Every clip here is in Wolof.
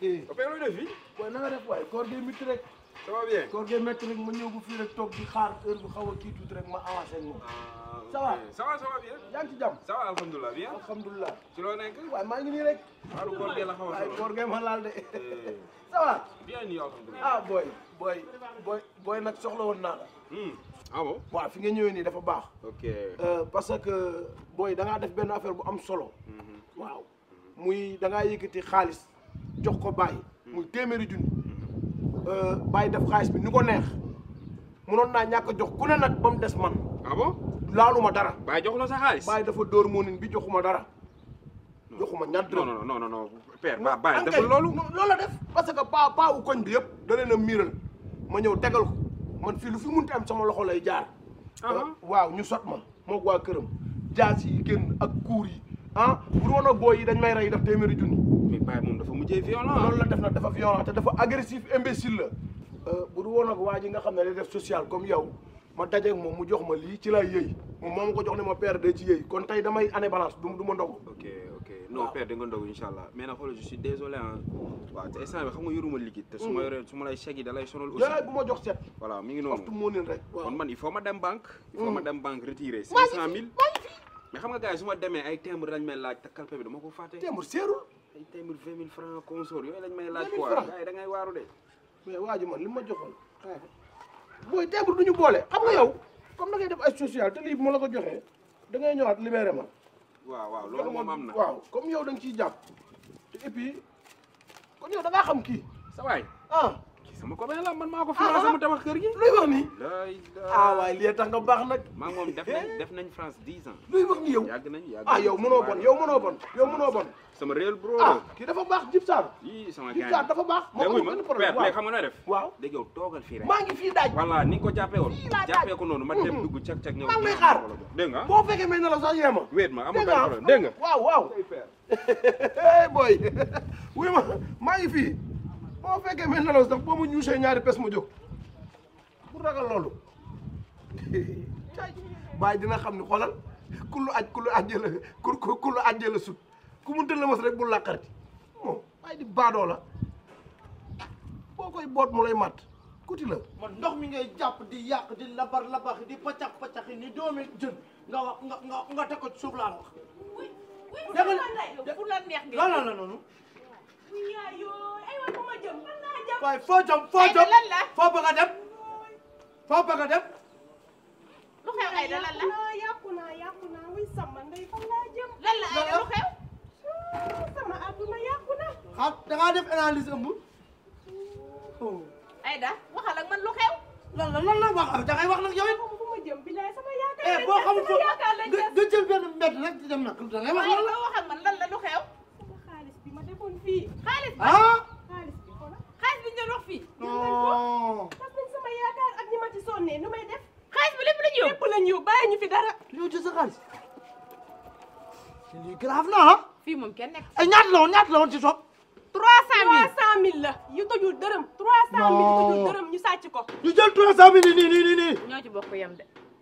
papa looy def fii. waaye na nga def waaye koor gee métti rek. ça va bien koor gee métti rek ma ñëw bu fii rek toog di xaar heure bu xaw a kii tuuti rek ma avancé rek. waaw koor gee la xaw a waaye koor eh. ah booy booy booy booy nag soxla woon naa la. Hmm. ah bon waaw fi nga ñëwee nii Oke. baax. ok euh, parce que def benn affaire am solo. Hmm, hmm. waaw muy da ngaa yëkkati xaalis. jox ko Baye. muy téeméeri junni. Euh, Baye def xaalis bi ni ko neex munoon naa ñàkk jox ku ne nag ba mu des man. ah bon laaluma dara. Baye jox la sa xaalis. Baye dafa dóor moonin bi joxuma dara. joxuma ñaar dërëm non non non loolu. loolu la def parce que paa paa wu koñ bi yëpp. da leen a miiral ma ñëw tegal ko man fii lu fi munti am sama loxo lay jaar. Ah euh, waaw ñu sot ma moo waa këram jaas yi génn ak kuur yi ah bu doon a booy yi dañ may rey def téeméeri junni. mais Baye moom dafa def nag dafa violent te dafa agressif imbécile la euh, bu du woon nga xam ne day social comme yow ma dajeeg moom mu jox ma lii ci lay yëy moom moo ma ko jox ne ma père de ma ndog ok ok non père da nga ndog incha allah mais nag xoolal je désolé ah waaw te instant bi nga yoruma liquide te su ma hmm. yoree su ma lay chèque yi da lay sonal ma jox set voilà mi noonu waxtu moo ma dem banque il faut hmm. ma dem banque retirer cinq cent mille xam nga gars yi demee ay timbre lañ laaj te calpe bi dama ko fàtte timbre seerul ay téeméer vingt mille franc consor yooyu lañ may laaj quoi gars yi ngay waaru de mais waa ji man li ma joxoon xaaral booy téeméer ñu boole xam nga yow comme da ngay def ay social te lii bu ma la ko joxe dangay ngay ñëwaat libéré ma waaw waaw loolu moom am na waaw comme yow danga nga ciy jàpp te et puis kon yow xam kii sa waay ah sama copain la man maa ko ah, financé ah. mu tabax kër gi. luy wax nii. ah waaye liy tax nga nag. maa moom def nañ eh? def nañ France dix ans. luy wax ni yow yàgg nañ yàgg ah, yow mënoo bon yow mënoo bon sama réel bro. ah kii dafa baax Djib Sarr. yii sama gars yi Djib Sarr dafa baax. moo amul benn problème waaw mais xam nga nooy def. waaw léegi toogal fii rek. maa ngi fii daaj. voilà ni ko jàppee woon. fii laa ko noonu ma dem dugg cak cak ñëw. maa ngi lay xaar dégg boo fekkee may na la sax yee ma. wéet ma amul boy wuy ma maa ngi boo fekkee mel nelaw sax boo ma ñuusee ñaari pes ma jóg bu ragal loolu bàyyi dina xam ne xoolal ku lu aj ku lu ajjee la ku ku lu ajjee la sut rek bu làqarti moom bàyyi di baadoo la boo koy boot mu lay mat kuti la man ndox mi ngay jàpp di yàq di labar labaxi di pacax pacaxi ni doomi jën nga wax nga nga nga teg ko ci suuf laa wax. da nga pour la neex non non non waaye foo jëm foo jëm foo bëgg a dem foo bëgg a dem. lu xew ay lan la yàqu naa yàqu naa wuy sama ndey fan laa jëm. lan la ay lu xew. Ah, sama àdduna yàqu da ngaa def man lu xew. lan wax da ngay wax nag yow it. fu sama yaakaar eh, lañ des sama yaakaar lañ des boo xamul foofu nga jël benn mbedd rek di dem nag da ngay wax lan la. wax ak man lan nekkul fii. xaalis bi ah. xaalis bi xoolal xaalis bi fii. non may def. xaalis bi fi dara. yow na fii moom kenn nekk. ay eh, ñaata la woon ñaata la woon la yu tojul dërëm. 300000 yu tojul dërëm ñu sàcc ko.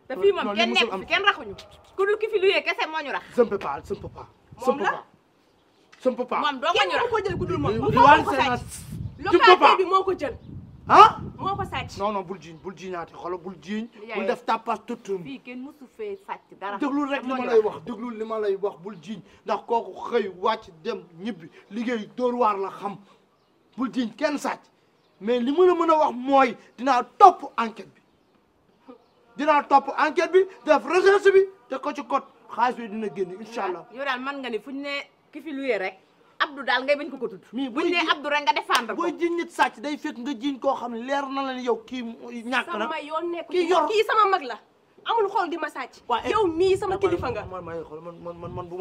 te fii moom kenn nekk fi kenn raxuñu. ki fi luyee kese moo ñu rax. je ne peux moom la. sama papa moom doo ko ñu ko jël ku dul moom moo ko sàcc localité bi moo ko jël ah moo ko sàcc non bul jiiñ bul jiiñaati xoolal bul jiiñ bul def tapas tuttum fii kenn mësu fee sàcc dara déglul rek li ma lay wax déglul li ma lay wax bul jiiñ ndax kooku xëy wàcc dem ñibbi liggéey dóor waar la xam bul jiiñ kenn sàcc mais li ma la mën a wax mooy dinaa topp enquête bi dinaa topp enquête bi def recherche bi te ko ci code xaalis bi dina génn incha allah yow man nga ni fuñ ki fi luye rek Abdou daal ngay bañ ko ko tudd. mii buñ nee Abdou rek nga défendre ko. booy jiñ nit sàcc day fekk nga jiñ koo xam leer na la ne yow kii ñàkk na sama yoon nekk kii yor kii sama mag la. amul xool di ma sàcc. Eh, yow mii sama kilifa nga. man ma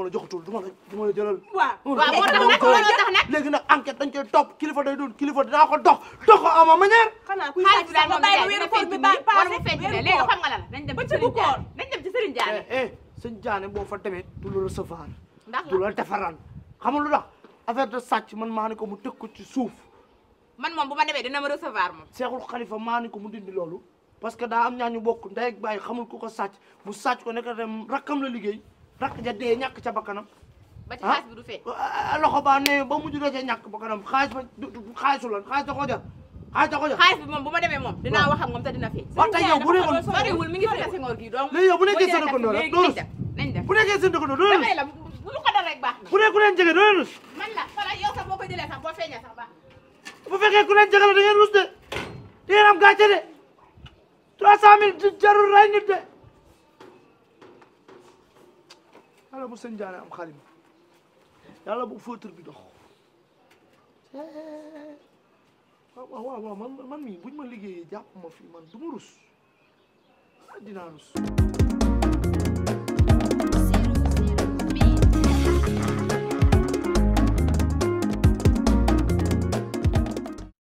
la joxatul du ma la du ma la jëlal. waaw waaw moo tax nag moo tax nag. léegi nag enquête dañ koy topp kilifa day doon kilifa dinaa ko dox dox ko ama manière. xanaa kuy sàcc sax nga bàyyi wéeru koor bi bàyyi paase léegi xam nga la dañ dem ci sëriñ Diané. ba ci bu koor. Eh, eh. sëñ Diané boo fa demee du la recevoir ndax du la defaral xamul a tax affaire de sàcc man maa ni ko mu tëkk ko ci suuf. man moom bu ma demee dina ma recevoir moom. Seexul Xalifa maa ni ko mu dindi loolu parce que daa am ñaa ñu bokk ndey ak baay xamul ku ko sàcc mu sàcc ko nekk dem rakkam la liggéey rakk ja dee ñàkk ca bakkanam. ba ci ah? xaalis bi du fee. Ah, ah, loxo ba ne ba mujj da ca ñàkk bakkanam xaalis ba xaalisu lan xaalis da koo jar. xaalis da ko jox xaalis bi moom bu ma demee moom dinaa wax ak ku ne ku leen jege doo man la fala yow sax boo ko jëlee sax boo feeñee sax baax bu fekkee la da ngeen rus de da ngeen am gàcce de trois cent mille jarul rey nit de. yàlla bu sëñ Ndiané am xarit yàlla bu fóotur bi dox. waaw waaw man man mii buñ ma liggéeyee jàpp ma fi man du ma rus dinaa rus.